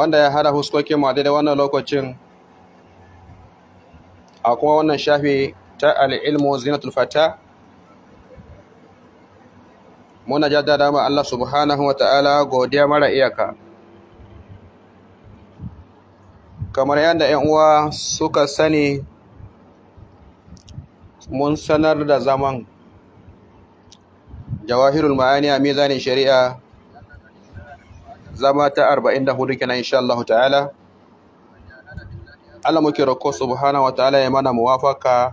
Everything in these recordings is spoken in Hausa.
wanda ya hada huskokin mu da wannan lokacin a kuma wannan shafi ta al'ilmu zinatul fata muna jaddada ma Allah subhanahu wa ta'ala godiya mara iyaka kamar yadda 'yan uwa suka sani mun sanar da zaman jawahirul ma'ani a mizanin shari'a zama ta 44 kenan insha Allah ta'ala Allah muke roƙo subhanahu wa ta'ala ya mana muwafaka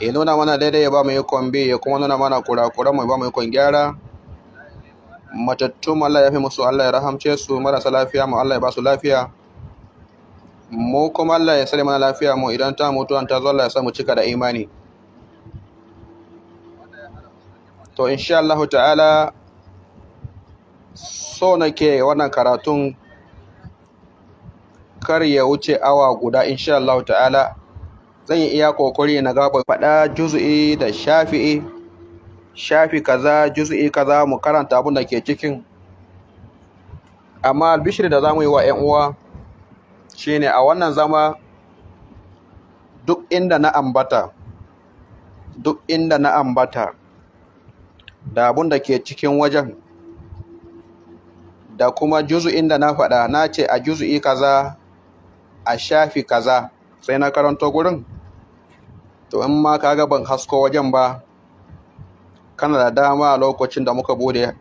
ya nuna mana daidai ya ba mu yakon bi ya kuma nuna mana kurakuran mu ya ba mu yakon gyara matattun Allah ya fi musu Allah ya rahamce su marasa lafiya mu Allah ya ba su lafiya mu kuma Allah ya sare mana lafiya mu idan ta mutu an ta zo Allah ya sa mu cika da imani to insha Allah ta'ala so nake wannan karatun kar ya wuce awa guda insha Allah ta'ala zan yi iya kokari na gaba faɗa juz'i da shafi'i shafi kaza juz'i kaza mu karanta abin da ke cikin amma albishir da zamu yi wa ƴan uwa shine a wannan zama duk inda na ambata duk inda na ambata da abin da ke cikin wajen da kuma juzu'in da na faɗa na ce a juzu'i kaza a shafi kaza sai na karanto gurin to in ma ka ga ban hasko wajen ba kana da dama a lokacin da muka bude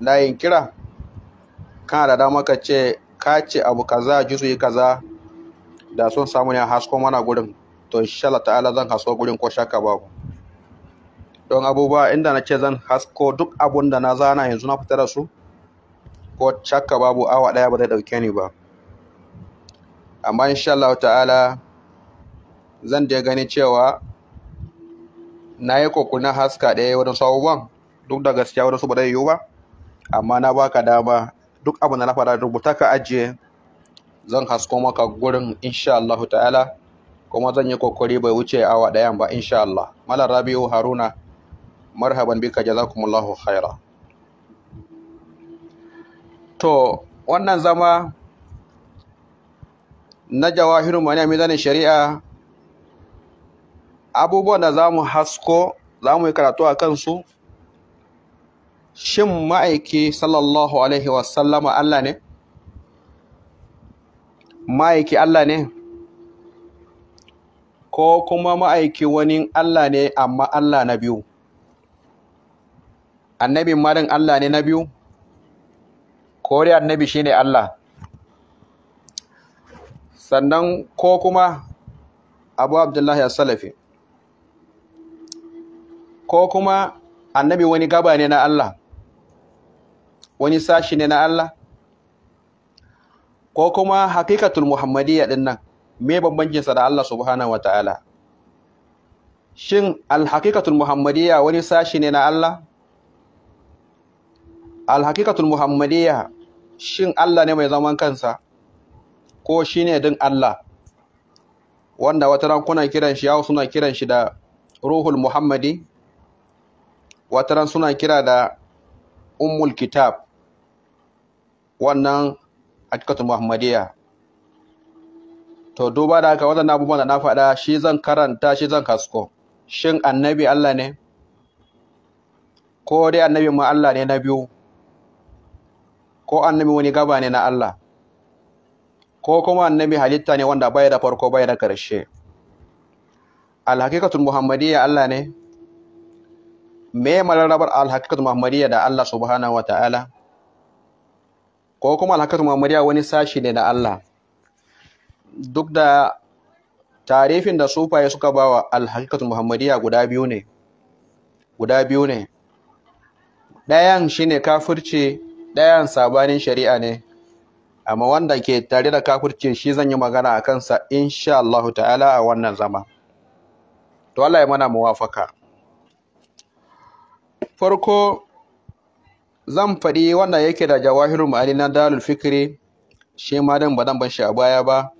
layin kira kana da dama ka ce ka ce abu kaza juzu'i kaza da sun samu ne hasko mana gurin to inshallah ta'ala zan hasko gurin ko shaka ku? don abubuwa inda na ce zan hasko duk abun da na zana yanzu na fitar da su ko shakka babu awa ɗaya ba zai ɗauke ni ba amma insha Allah ta'ala zan je gani cewa na yi kokuna haska ɗaya wajen sabuwan duk da gaskiya wajen su ba zai yiwu ba amma na baka dama duk abin da na fara rubuta ka ajiye zan hasko maka gurin insha Allah ta'ala kuma zan yi kokari bai wuce awa ɗayan ba insha Allah malam Rabi'u Haruna marhaban bika jazakumullahu khaira to wannan zama na jawahirun mani a mizanin shari'a abubuwan da za mu hasko za mu yi karatu a kansu shin ma'aiki sallallahu alaihi wasallama Allah ne ma'aiki Allah ne ko kuma ma'aiki wani Allah ne amma Allah na biyu annabin marin Allah ne na biyu Kori Annabi annabi shine Allah sannan ko kuma abu abdullahi a salafi ko kuma annabi wani gaba ne na Allah wani sashi ne na Allah ko kuma hakikatul muhammadiyya din nan me bambancin sa da Allah subhanahu Ta'ala? shin alhakikatul muhammadiyya wani sashi ne na Allah alhakikatul muhammadiyya shin Allah ne mai zaman kansa ko shi ne din Allah wanda wata ran kuna kiran shi yawon suna kiran shi da ruhul muhammadi wata ran suna kira da ummul kitab wannan hakikatul muhammadiyya to duba da haka wadannan abubuwan da na faɗa shi zan karanta shi zan kasko shin annabi Allah ne ko dai annabi ma Allah ne na biyu ko annabi wani gaba ne na Allah ko kuma annabi halitta ne wanda bai da farko bai da karshe alhaqiqatul muhammadiyya Allah ne me mararabar alhaqiqatul muhammadiyya da Allah subhanahu ta'ala? ko kuma alhaqiqatul muhammadiyya wani sashi ne na Allah duk da tarifin da sufaye suka bawa alhaqiqatul muhammadiyya guda biyu ne guda biyu ne ɗayan shine kafirci ɗayan sabanin shari'a ne amma wanda ke tare da kafircin shi zan yi magana a kansa insha Allah ta'ala a wannan zama to Allah ya mana muwafaka farko zan faɗi wanda yake da jawahirul ma'ani na dalul fikri shi ma dan ba dan ban shi a baya ba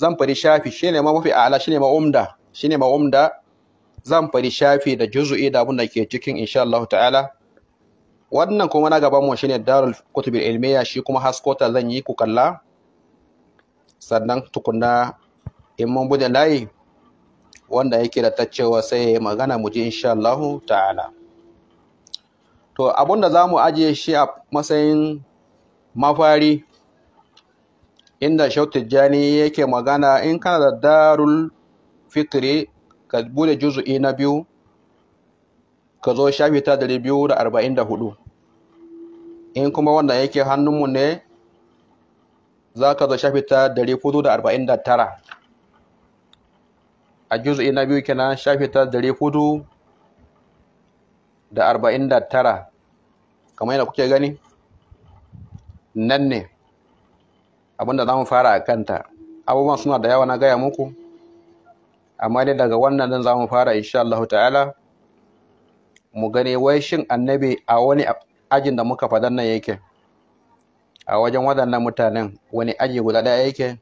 zan faɗi shafi shi ne ma mafi a'ala shi ne ma umda shi ne ma umda zan faɗi shafi da juzu'i da abin da ke cikin insha Allah ta'ala wannan kuma na gaban mu shine darul kutubul ilmiya shi kuma haskota zan yi ku kalla sannan tukunna in mun bude layi wanda yake da taccewa sai ya magana mu ji insha Allah ta'ala to abinda za mu ajiye shi a matsayin mafari inda Shehu Tijjani yake magana in kana da darul fikri ka bude juzu'i na biyu ka zo shafi ta dari biyu da arba'in da hudu in kuma wanda yake hannunmu ne za ka zo shafi ta dari hudu da arba'in da tara a juzu na biyu kenan shafi ta dari hudu da arba'in da tara kamar yadda kuke gani nan ne abinda za mu fara a kanta abubuwan suna da yawa na gaya muku amma dai daga wannan zan za mu fara insha Allah ta'ala mu gani wai shin annabi a wani ajin da muka fadan nan yake a wajen waɗannan mutanen wani aji guda ɗaya yake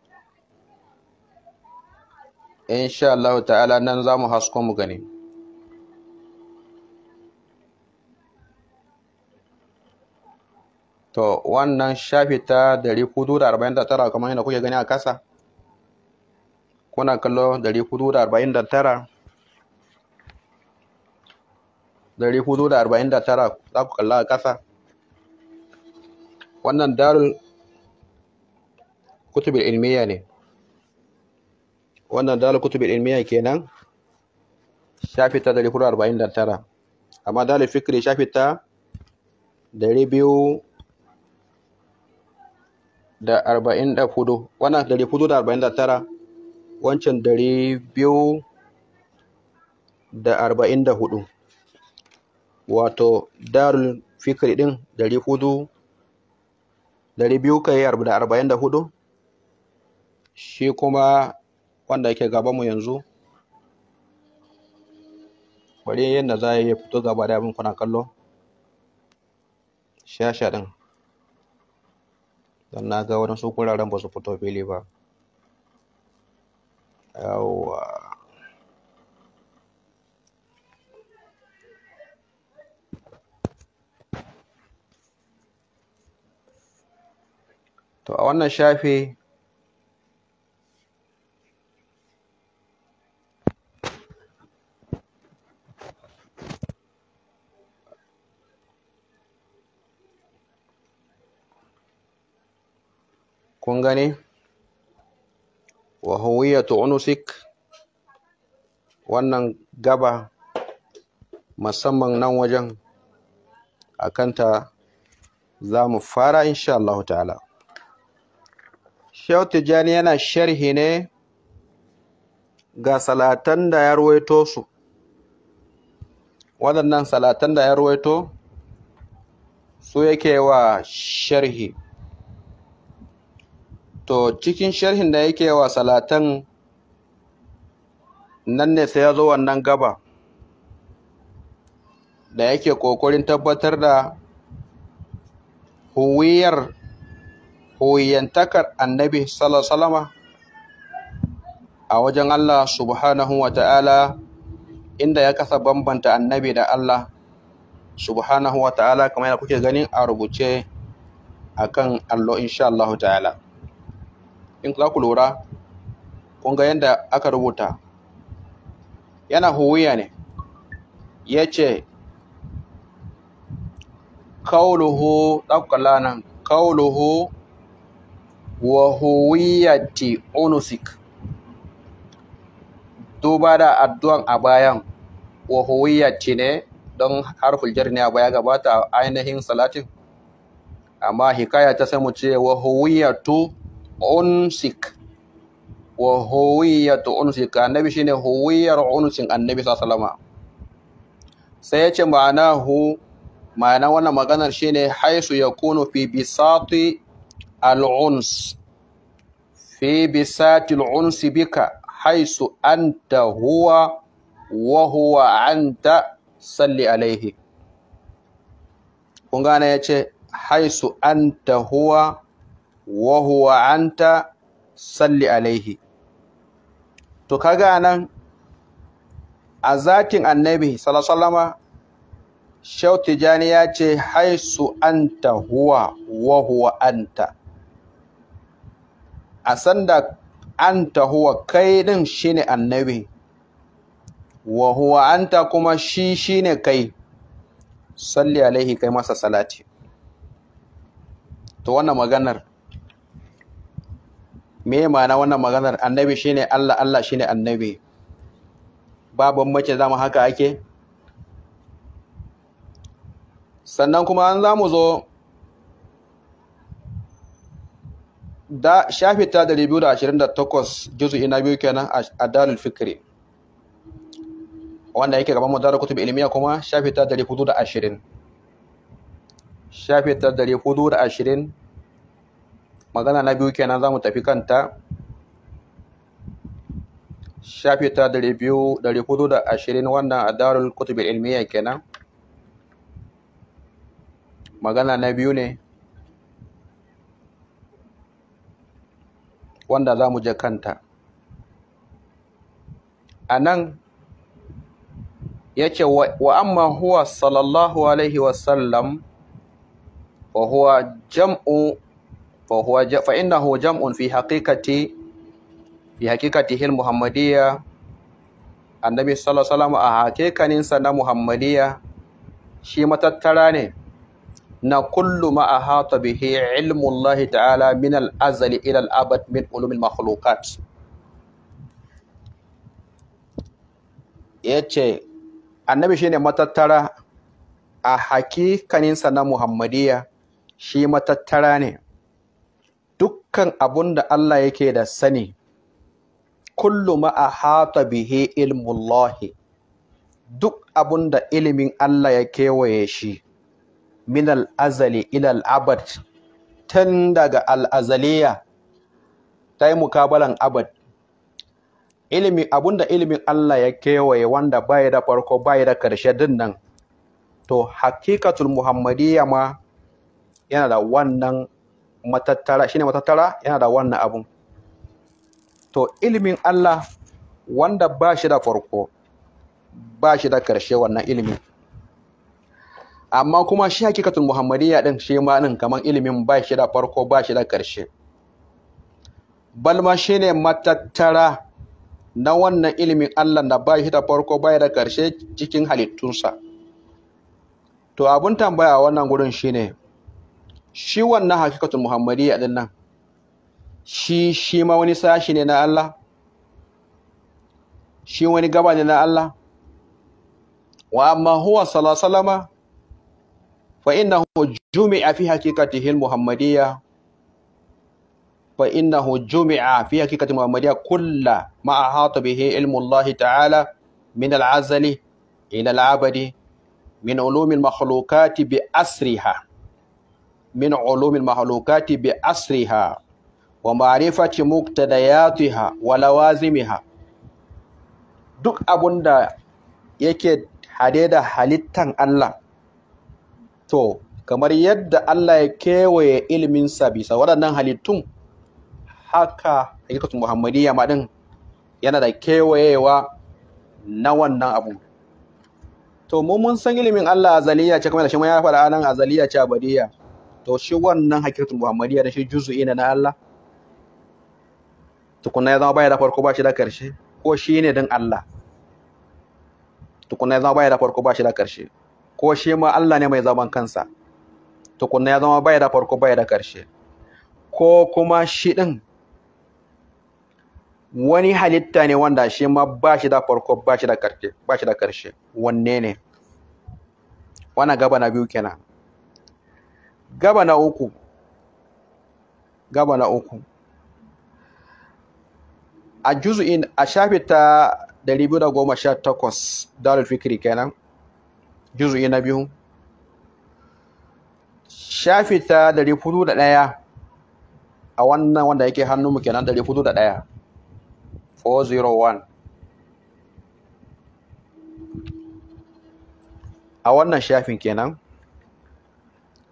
insha Allah ta'ala nan za mu hasko mu gani to wannan shafi ta 449 kamar yadda kuke gani a kasa kuna kallo 449 dari hudu da arba'in da tara za ku kalla a ƙasa wannan darul kutubin ilmiya ne wannan dalil kutubin ilmiya kenan shafi ta tara. amma dalil fikri shafi ta hudu wannan da da arba'in tara, wancan biyu da da arba'in hudu wato darul fikri din dari hudu dari biyu kai da arba'in da hudu shi kuma wanda yake mu yanzu bari yadda za ya fito gaba da abin kuna kallo shasha din don na ga wani su kuraren ba su fito fili ba yawwa to a wannan shafe kun gane wa huwiyatu unusik wannan gaba musamman nan wajen akanta za mu fara insha Allah ta'ala Shehu Tijjani yana sharhi ne ga salatan da ya ruwaito su. Waɗannan salatan da ya ruwaito su yake wa sharhi. To cikin sharhin da yake wa salatan nan ne sai ya zo wannan gaba da yake ƙoƙarin tabbatar da huwiyar hoyantakar annabi sallallahu a wajen Allah subhanahu wa ta'ala inda ya kasa bambanta annabi da Allah subhanahu wa ta'ala kamar yana kuke ganin a rubuce akan allo insha Allah ta'ala in za ku lura kun ga yadda aka rubuta yana huwiya ne ya ce kauluhu ɗaukala nan kauluhu wa huwiyati onusik duba da addu'an a bayan wa huwiyati ne don harful jar ne a baya gabata ainihin salatin amma hikaya ta sai mu ce wa huwiyatu onusik wa huwiyatu onusik annabi shine huwiyar unsin annabi sallallahu salama. sai ya ce ma'ana hu ma'ana wannan maganar shine haisu yakunu fi bisati العنس في بسات العنس بك حيث أنت هو وهو أنت صلي عليه kungana ya ce haisu anta huwa wa huwa anta salli alaihi to kaga nan a zatin annabi salasalama shautijani ya ce haisu anta huwa wa huwa anta a sanda an taho huwa kai din shine annabi wa huwa an ta kuma shi shi ne kai salli alaihi kai masa salati ta wannan maganar me mana wannan maganar annabi shine Allah Allah shine annabi babban mace zamu haka ake sannan kuma an za mu zo da shafi ta da da ashirin takwas juzu'i na biyu kenan a dalil fikri wanda yake gaban madara kutub ilimiya kuma shafi ta da ashirin? shafi ta da ashirin? magana na biyu kenan za mu tafi kanta shafi ta da ashirin wannan a dalil kutub ilimiya kenan magana na biyu ne wanda za mu je kanta a nan ya ce wa amma huwa sallallahu alaihi wasallam fa huwa jam'u fa huwa fa innahu jam'un fi haqiqati fi haqiqatihi al-muhammadiyya annabi sallallahu alaihi wasallam a haqiqanin sa na muhammadiyya shi matattara ne na kullum a hata bihe ilmun Allah ta'ala min al-azali ila al min ulumin makhlukat Ya ce, annabi shi ne matattara a hakikaninsa na muhammadiyya shi matattara ne dukkan abun da Allah yake da sani kullum ma hata bihi ilmun Allah duk abun da ilimin Allah ya kewaye shi min al'azali ilal abad tun daga al'azaliya ta yi mukabalan abad ilimi abinda ilimin Allah ya kewaye wanda bai da farko bai da karshe dinnan, to hakikatul muhammadiyya ma yana da wannan matattara shine matattara yana da wannan abun to ilimin Allah wanda ba shi da farko ba shi da karshe wannan ilimin amma kuma shi hakikatul muhammadiyya din shi ma din kaman ilimin ba shi da farko ba shi da ƙarshe balma shi ne matattara na wannan ilimin Allah da ba shi da farko ba da ƙarshe cikin halittunsa to abin tambaya a wannan gudun shi ne shi wannan hakikatul muhammadiyya din nan shi shi ma wani sashi ne na Allah shi wani gaba ne na Allah wa amma huwa salasalama فإنه جمع في حقيقته المحمدية فإنه جمع في حقيقة المحمدية كل ما أحاط به علم الله تعالى من العزل إلى العبد من علوم المخلوقات بأسرها من علوم المخلوقات بأسرها ومعرفة مقتضياتها ولوازمها duk abun da yake hade da halittan Allah to kamar yadda Allah ya kewaye iliminsa bisa waɗannan halittun haka hakikatun muhammadiyya ma din yana da kewayewa na wannan abu to mu mun san ilimin Allah azaliya ce kamar da shi ya faɗa nan azaliya ce abadiya to shi wannan hakikatul muhammadiyya da shi juzu ina na Allah Tukuna ya zama baya da farko ba shi da karshe ko shi ne din Allah Tukuna ya zama baya da farko ba shi da karshe ko shi ma Allah ne mai zaman kansa tukunna ya zama bai da farko bai da ƙarshe ko kuma shi ɗin wani halitta ne wanda shi ma ba shi da farko ba shi da ƙarshe wanne ne wannan gaba na biyu kenan gaba na uku gaba na uku a juzu'in a shafi ta 2018 darul fikri kenan juzu'i na biyu shafi ta dari hudu da ɗaya a wannan wanda yake hannunmu mu kenan dari hudu da ɗaya 401 a wannan shafin kenan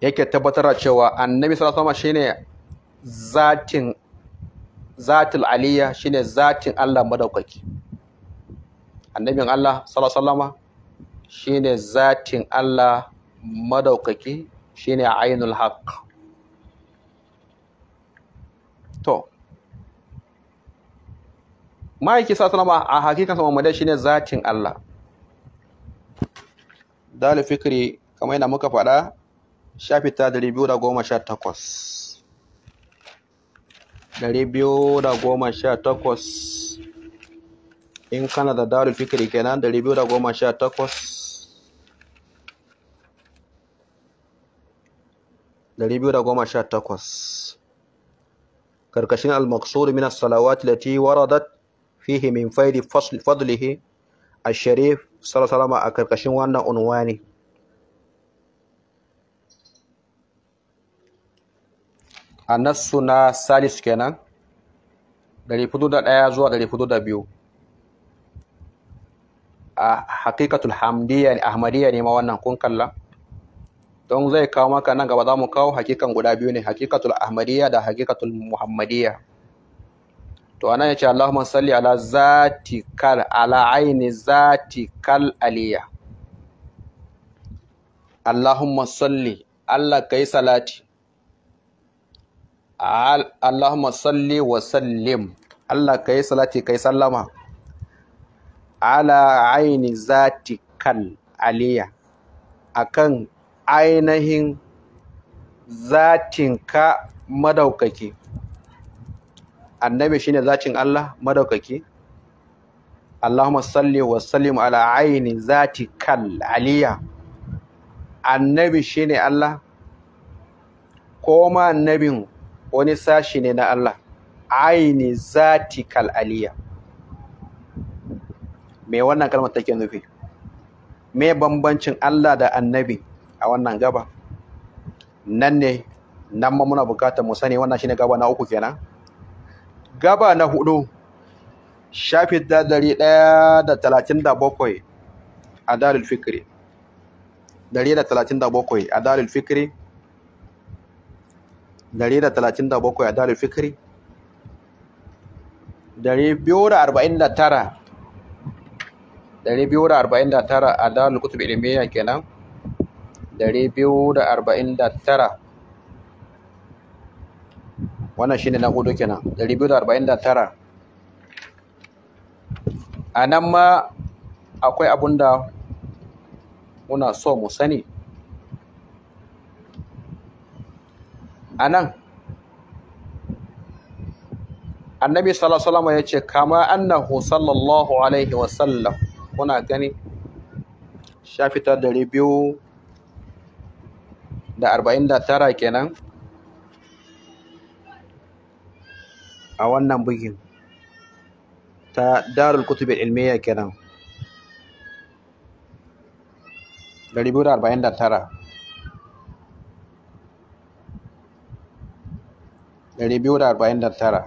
yake tabbatar cewa annabi sallallahu alaihi shine zatin zatul aliyya shine zatin Allah madaukaki annabin Allah sallallahu alaihi shine zatin Allah madaukaki shine ainul haq to ma'aiki ba a hakikan muhammadu shine zatin Allah dalil fikri kamar yana muka faɗa shafi ta 218 218 in kana da dalil fikri kenan 218 2018 karkashin al-maqsud min as-salawat allati waradat fihi min faidi fadlihi al-sharif sallallahu alaihi a karkashin wannan unwani annasu na salis kenan ɗaya zuwa biyu. a haqiqatul hamdiyya ne ahmadiyya ne ma wannan kun kalla don zai kawo maka nan gaba za mu kawo hakikan guda biyu ne hakikatul ahmadiyya da hakikatul muhammadiyya to anan ya ce Allahumma salli ala zatikal ala aini zatikal aliya Allahumma salli Allah kai salati Allahumma salli wa sallim Allah kai salati kai sallama ala aini zatikal aliya akan ainihin zatinka madaukaki annabi shine zatin Allah madaukaki Allahumma salli wa sallim ala aini kal aliya annabi shine Allah ko ma annabin wani sashi ne na Allah aini kal aliya me wannan kalmar take nufi me bambancin Allah da annabi a wannan gaba nan ne nan ma muna bukatar mu sani wannan shine gaba na uku kenan gaba na hudu shafi da dari daya da talatin da bakwai a dalil fikiri dari da talatin da bakwai a dalil fikiri dari da talatin da bakwai a dalil fikiri dari biyu da arba'in da tara dari biyu da arba'in da tara a dalil kutub ilimiyya kenan Dari biyu da arba'in da tara wannan shine na hudu kenan dari biyu da arba'in da tara a nan ma akwai abun da muna so mu sani a nan annabi sallallahu ya ce kama annahu sallallahu alaihi wasallam kuna gani shafi ta dari biyu da arba'in da tara kenan a wannan bugin ta darul kutub ilmiya kenan dari biyu da arba'in da tara dari biyu da arba'in da tara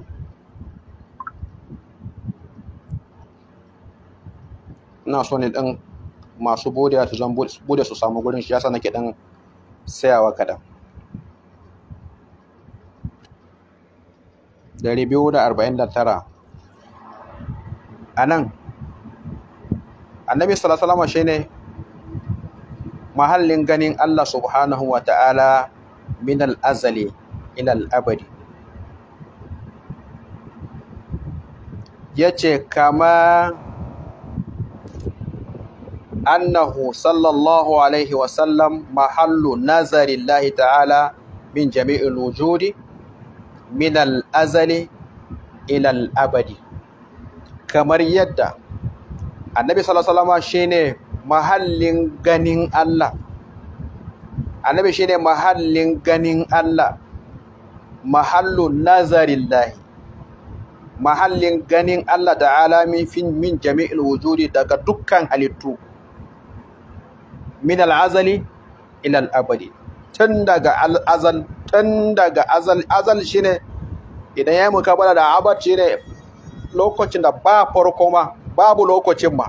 ina so ne ɗan masu bude su zan bude su samu gurin shi yasa nake ɗan sayawa kaɗan dari biyu da arba'in da tara a nan annabi salasalama shi ne mahallin ganin allah subhanahu wa ta'ala min al'azali ilal abadi ya ce kama annahu sallallahu alaihi wasallam mahallu nazarillahi ta'ala min jami'il wujudi min al'azali ilal abadi kamar yadda annabi sallallahu shine mahallin ganin Allah shine mahallin ganin Allah mahallu nazarillahi mahallin ganin Allah ta'ala min jami'in wujudi daga dukkan halittu min al'azali ila al'abadi tun daga azal tun daga azal azal shine idan ya yi mukabala da abad ne, lokacin da ba farko ma babu lokacin ma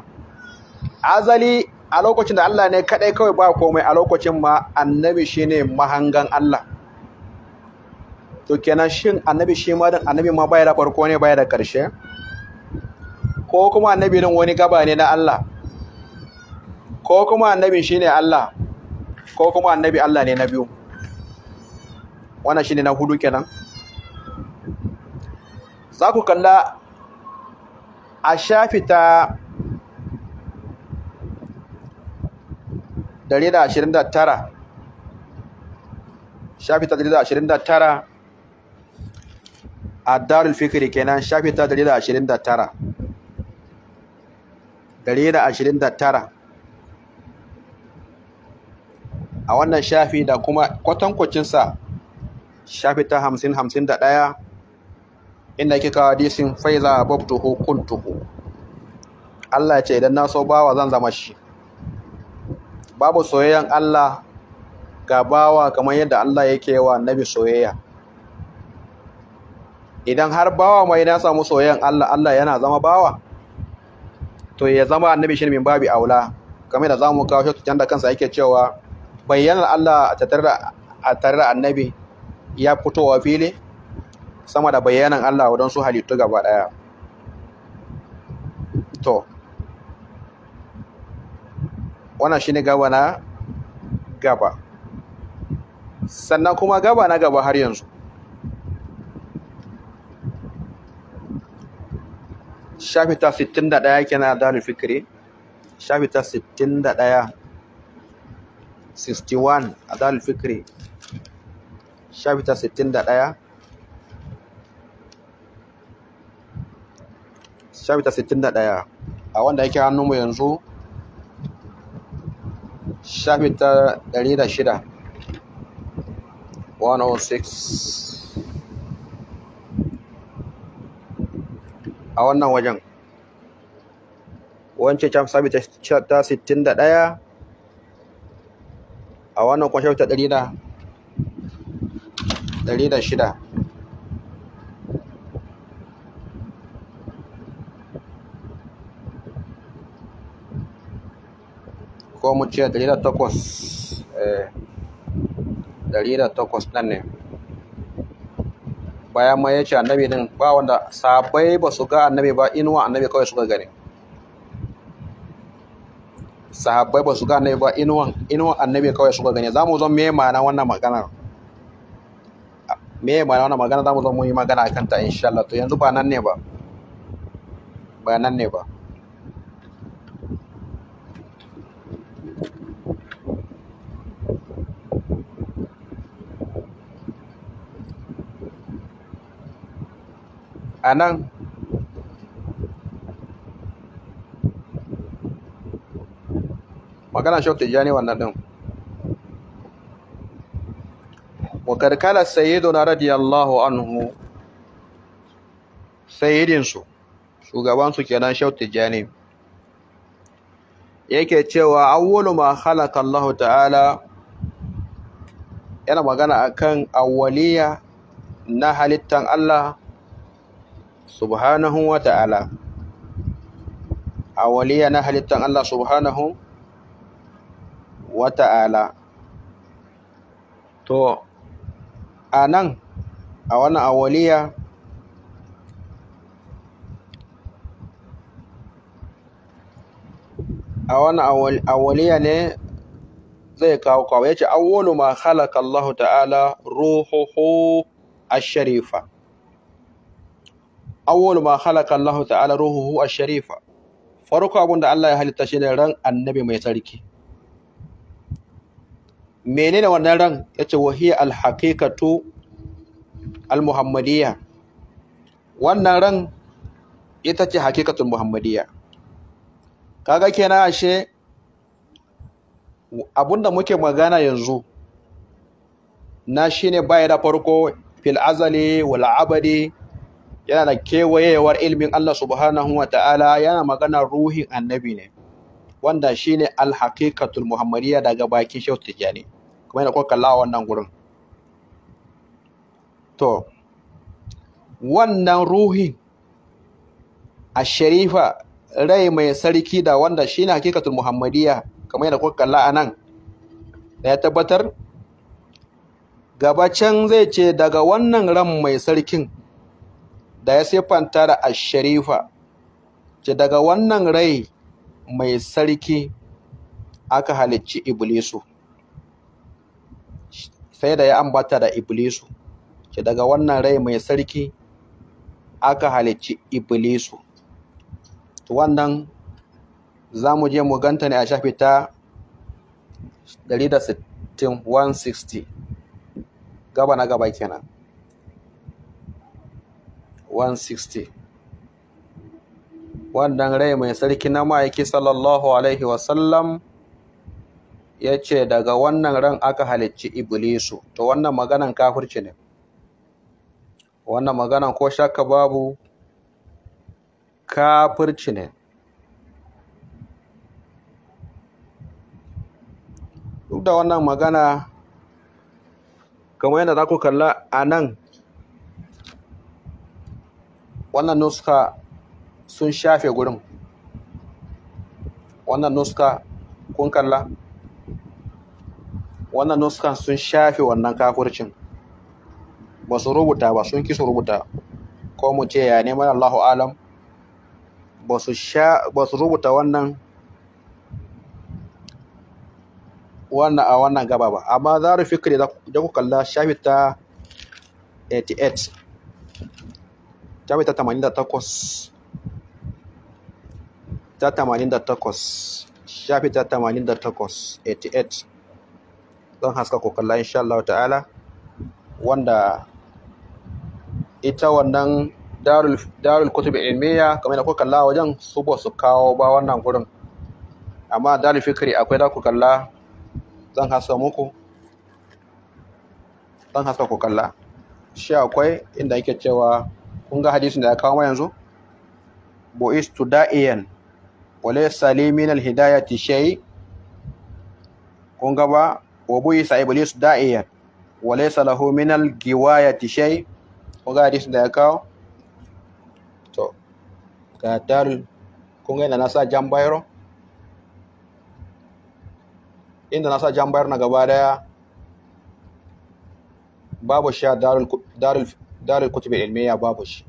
azali a lokacin da Allah ne kadai kawai ba komai a lokacin ma annabi shine mahangan Allah to kenan shin annabi shi ma din annabi ma baya da farko ne baya da karshe ko kuma annabi din wani gaba ne na Allah ko kuma Annabi shi ne Allah ko kuma annabi Allah ne na biyu wannan ne na hudu kenan za ku kalla a shafi ta 129 shafi ta 129 a darul fikiri kenan shafi ta 129 129 a wannan shafi da kuma kwatankwacinsa shafi ta hamsin hamsin da ɗaya inda ke kawo disin faiza kun tuhu. Allah ce idan na so bawa zan zama shi babu soyayyan Allah ga bawa kamar yadda Allah yake wa nabi soyayya idan har bawa mai na samu soyayyan Allah Allah yana zama bawa to ya zama annabi shi min babi aula kamar da zamu kawo shi da kansa yake cewa bayyanar Allah a tare da annabi ya fitowa fili sama da bayyanar Allah don su halittu gaba ɗaya to wannan shi ne gaba na gaba sannan kuma gaba na gaba har yanzu shafi ta 61 kenan da fikiri shafi ta 61 61 adal fikri shafi 61 shafi 61 a wanda yake hannunmu yanzu shafi 106 a wannan wajen wancan shafi 61 a wannan kwashe ta ɗari da shida ko mu ce ɗari da takwas eh, ɗari da takwas nan ne bayan ma ya ce annabi din ba wanda sabai ba su ga annabi ba inuwa annabi kawai suka gani sahabbai ba su ga annabi ba inuwan inuwan annabi kawai suka gani zamu zo me ma'ana wannan magana me ma'ana wannan magana zamu zo mu yi magana akan ta insha Allah to yanzu ba nan ne ba ba nan ne ba a nan magana shok tijjani wannan ɗin wa karkala sayyiduna radiyallahu anhu sayyidinsu shugabansu kenan shok tijjani yake cewa awwalu ma khalaqa Allah ta'ala yana magana akan awwaliya na halittan Allah subhanahu wa ta'ala awwaliya na halittan Allah subhanahu wa Ta'ala wata'ala to a nan a wani awaliya a wani awaliya ne zai kawo kawo ya ce awwalu ma halaka Allah ta'ala ruhuhu a sharifa awwalu ma halaka Allah ta'ala ruhuhu sharifa farko abinda Allah ya halitta shi ne ran annabi mai tsarki menene wannan ran yace wahiya alhaqiqatu almuhammadiyya wannan ran ita ce haqiqatul muhammadiyya kaga kenan ashe Abunda muke magana yanzu na shine baya da farko fil azali abadi yana da kewayewar ilmin Allah subhanahu wa ta'ala yana magana ruhin annabi ne wanda shine alhaqiqatul muhammadiyya daga bakin Shehu jani kamar yadda kuka kalla a wannan gurin to wannan ruhi a sharifa rai mai sarki da wanda shi ne hakikatul muhammadiyya kamar yadda kuka kalla a nan da ya tabbatar gabacin zai ce daga wannan ran mai sarkin da ya siffanta da a sharifa ce daga wannan rai mai sarki aka halicci iblisu sai da ya ambata da Iblisu, ce daga wannan rai mai sarki aka halicci Iblisu. Wannan za mu je mu ganta ne a shafi ta 160 gaba na gaba kenan 160 wannan rai mai sarki na ma'aiki sallallahu alaihi wasallam ya ce daga wannan ran aka halicci iblisu to wannan maganan kafirci ne wannan maganan ko shakka babu kafirci ne duk da wannan magana kamar yadda za ku kalla a nan wannan nuska sun shafe gurin wannan nuska kun kalla wannan nuskan sun shafe wannan kafircin ba su rubuta ba sun ki su rubuta ko mu ce ya neman Allahu alam ba su rubuta wannan wannan a wannan gaba ba amma za zaru fikri da ku kalla shafi ta 88 shafi ta 88 ta 88 shafi ta 88 88 don haska kokalla kalla insha Allah ta'ala wanda ita wannan darul darul kutub ilmiya kamar da kokalla kalla wajen su ba su kawo ba wannan gurin amma darul fikri akwai da kokalla kalla zan haska muku zan haska kokalla kalla shi akwai inda yake cewa kun ga hadisin da ya kawo ma yanzu bu'istu da'iyan wa laysa li min al-hidayati shay kun ga ba وبويس إبليس داعيا وليس له من الجواية شيء وقاعد يسمع كاو تو كاتال كونغ ناسا جامبايرو إن ناسا جامبايرو نعبارة بابوش sha darul kutubin ilmiya babu shi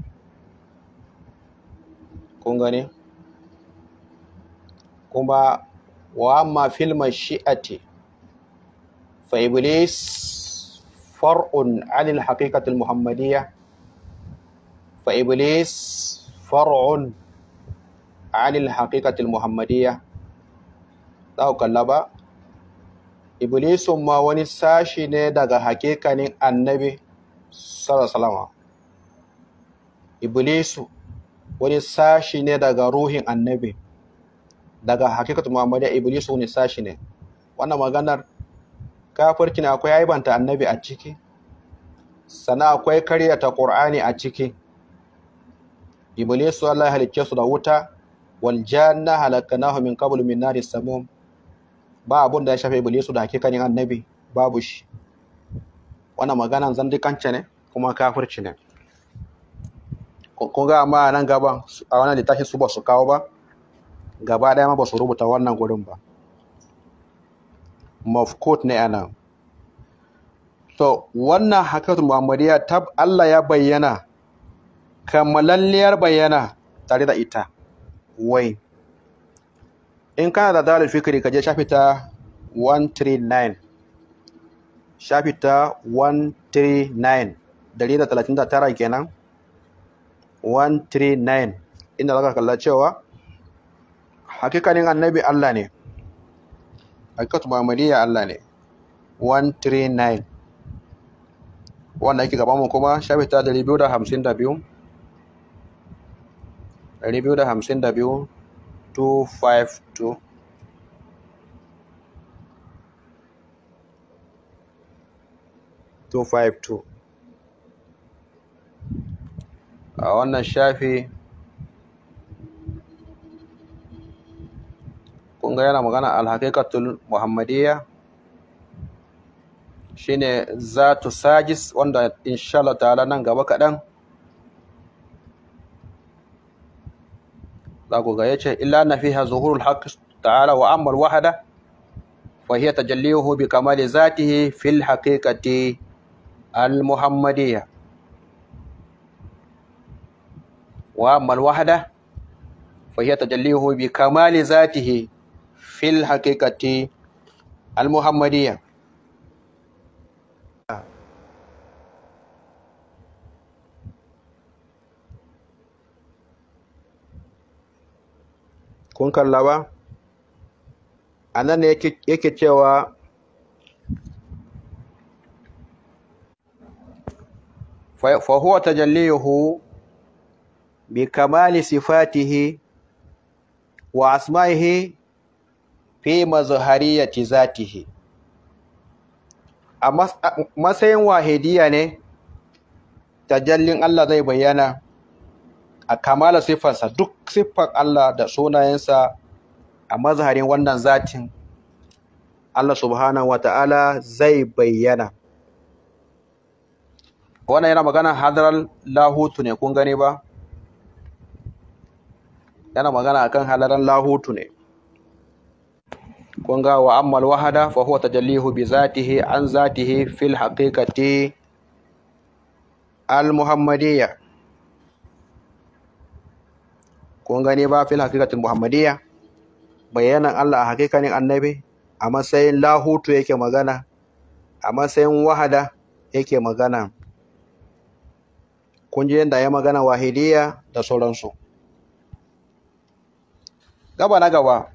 kun gane kuma wa amma filman shi'ati فإبليس فرع عن الحقيقة المحمدية فإبليس فرع عن الحقيقة المحمدية ذاك اللبا إبليس ما ونساشي ندغ حقيقة النبي صلى الله عليه وسلم إبليس ونساشي ندغ روح النبي daga hakikatu muhammadiya iblis wani sashi ne wannan maganar kafirkin akwai aibanta annabi a ciki sana akwai karyata ƙorani a ciki iblisu Allah ya halicce su da wuta na halakka halakanahu min qablu min nari samum ba abun da ya shafe iblisu da hakikani annabi babu shi wannan maganan zandikance ne kuma kafirci ne kun ga amma nan gaba a wannan littafin su ba su kawo ba gaba ɗaya ma ba su rubuta wannan gurin ba mafkot ne anan to wannan hakatul muhammadiyya tab Allah ya bayyana kamalalliyar bayyana tare da ita wai in kana da dalil fikiri kaje shafi ta 139 shafi ta 139 dalilin 39 kenan 139 inda zaka kalla cewa hakikanin annabi Allah ne hakikatu mu'amaliya Allah ne 139 wanda yake gaban mu kuma shafi ta 252 252 252 252 a wannan shafi kun ga yana magana alhaqiqatul muhammadiyya shine zatu sajis wanda insha ta'ala nan gaba kaɗan za ku ga yace illa na fiha zuhurul haqq ta'ala wa Ammar wahada fa hiya tajalliyuhu bi kamali zatihi fil haqiqati al muhammadiyya wa Ammar wahada fa hiya tajalliyuhu bi kamali zatihi fil hakikati al-muhammadiyya kun kalla ba a nan yake cewa bi kamali sifatihi wa asmaihi fi mazhariyati zatihi a matsayin wahidiyya ne tajallin Allah zai bayyana a kamala siffarsa duk siffar Allah da sunayensa a mazharin wannan zatin Allah subhanahu wa ta'ala zai bayyana wannan yana magana hadarar lahutu ne kun gani ba yana magana akan hadarar lahutu ne kunga wa ammal wahada fa huwa tajallihu bi zatihi an zatihi fil haqiqati al muhammadiyya kunga ne ba fil haqiqati muhammadiyya bayanan Allah a hakikanin annabi a matsayin lahutu yake magana a matsayin wahada yake magana kun ji yadda ya magana wahidiyya da sauransu gaba na gaba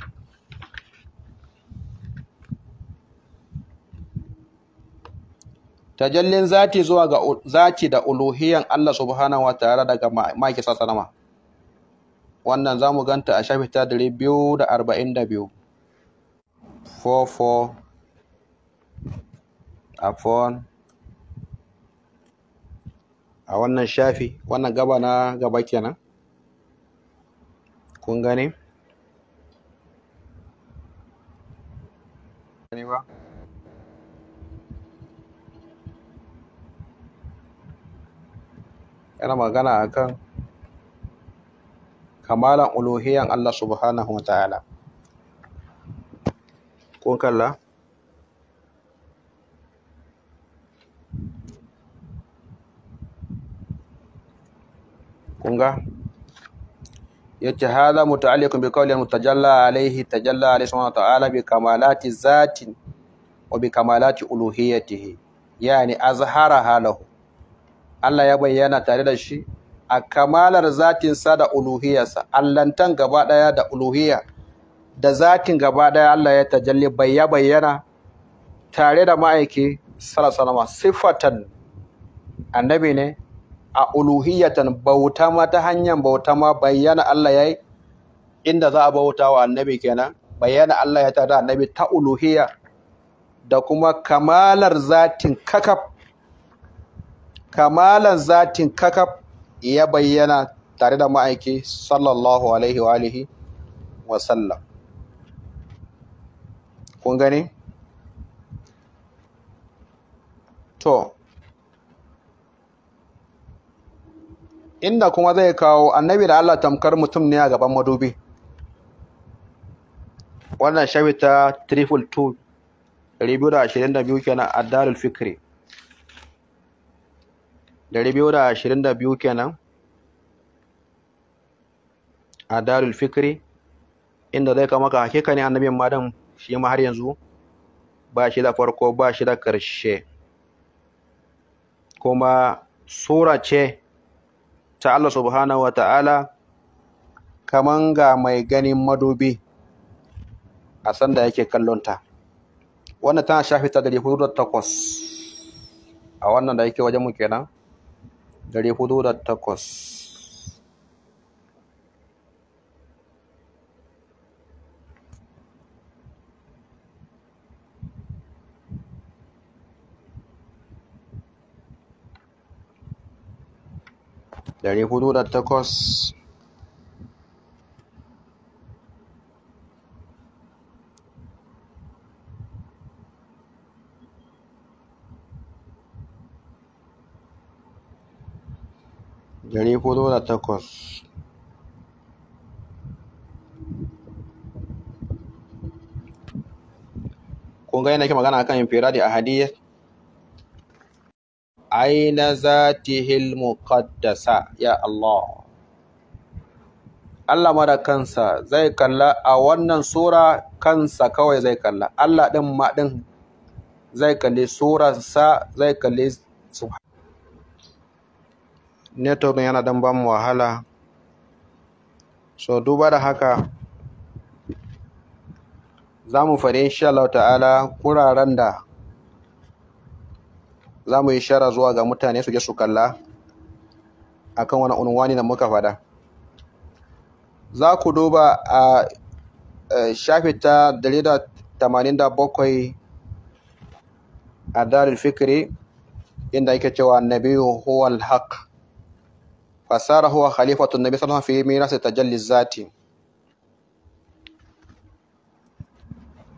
tajallin zati zuwa ga zati da uluhiyan Allah subhanahu wa ta'ala daga maki sassanama wannan zamu ganta a shafi ta 242 44 upon a wannan shafi wannan gaba na gaba kenan kun gane ba yana magana a kan? kamalan uluhiyan Allah subhanahu wa ta'ala kun kalla kunga yace hada muta'alliqun bi qawli mutajalla alayhi tajalla alayhi subhanahu wa ta'ala bi kamalati zatin wa bi kamalati uluhiyatihi yani azhara halahu Allah ya bayyana tare da shi a kamalar zatin sa da uluhiyarsa allantan gaba ɗaya da uluhiya da zatin gaba ɗaya Allah ya tajalli bayya bayyana tare da ma'aiki salama. siffatan annabi ne a uluhiyatan bauta ma ta hanyar bauta ma bayyana Allah ya yi inda za a bauta wa annabi kenan bayyana Allah ya da annabi ta uluhiya da kuma kamalar zatin kakaf kamalan zatin kakaf ya bayyana tare da ma'aiki sallallahu alaihi wa alihi wa sallam kun gani to inda kuma zai kawo annabi da Allah tamkar mutum ne a gaban madubi wannan shawita triple two biyu kenan addalul fikri dari biyu da ashirin da biyu kenan a darul fikri inda zai kama ka hakika ne annabin madan shi ma har yanzu ba shi da farko ba shi da ƙarshe kuma sura ce ta Allah subhanahu wa ta'ala kaman ga mai ganin madubi a sanda yake kallonta wannan tana shafi ta 108 a wannan da yake wajen mu kenan Dari hudu da takwas hudu da takwas ɗari huɗu da takwas kun ga yana ke magana akan infiradi a hadith aina zatihil muqaddasa ya Allah Allah ma da kansa zai kalla a wannan sura kansa kawai zai kalla Allah ɗin ma ɗin zai kalli surarsa zai kalli su network yana dan ba mu wahala so duba da haka za mu faɗi insha Allah ta'ala kuraren da za mu yi shara zuwa ga mutane su je su kalla akan wani unwani da muka fada za ku duba a shafi ta dalila tamanin da bakwai a dalil fikiri inda yake cewa nabiyu huwal haq فصار هو خليفة النبي صلى الله عليه وسلم في ميراث التجلي الذاتي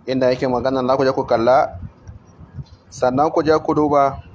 inda yake ما za ku je كلا kalla sannan ku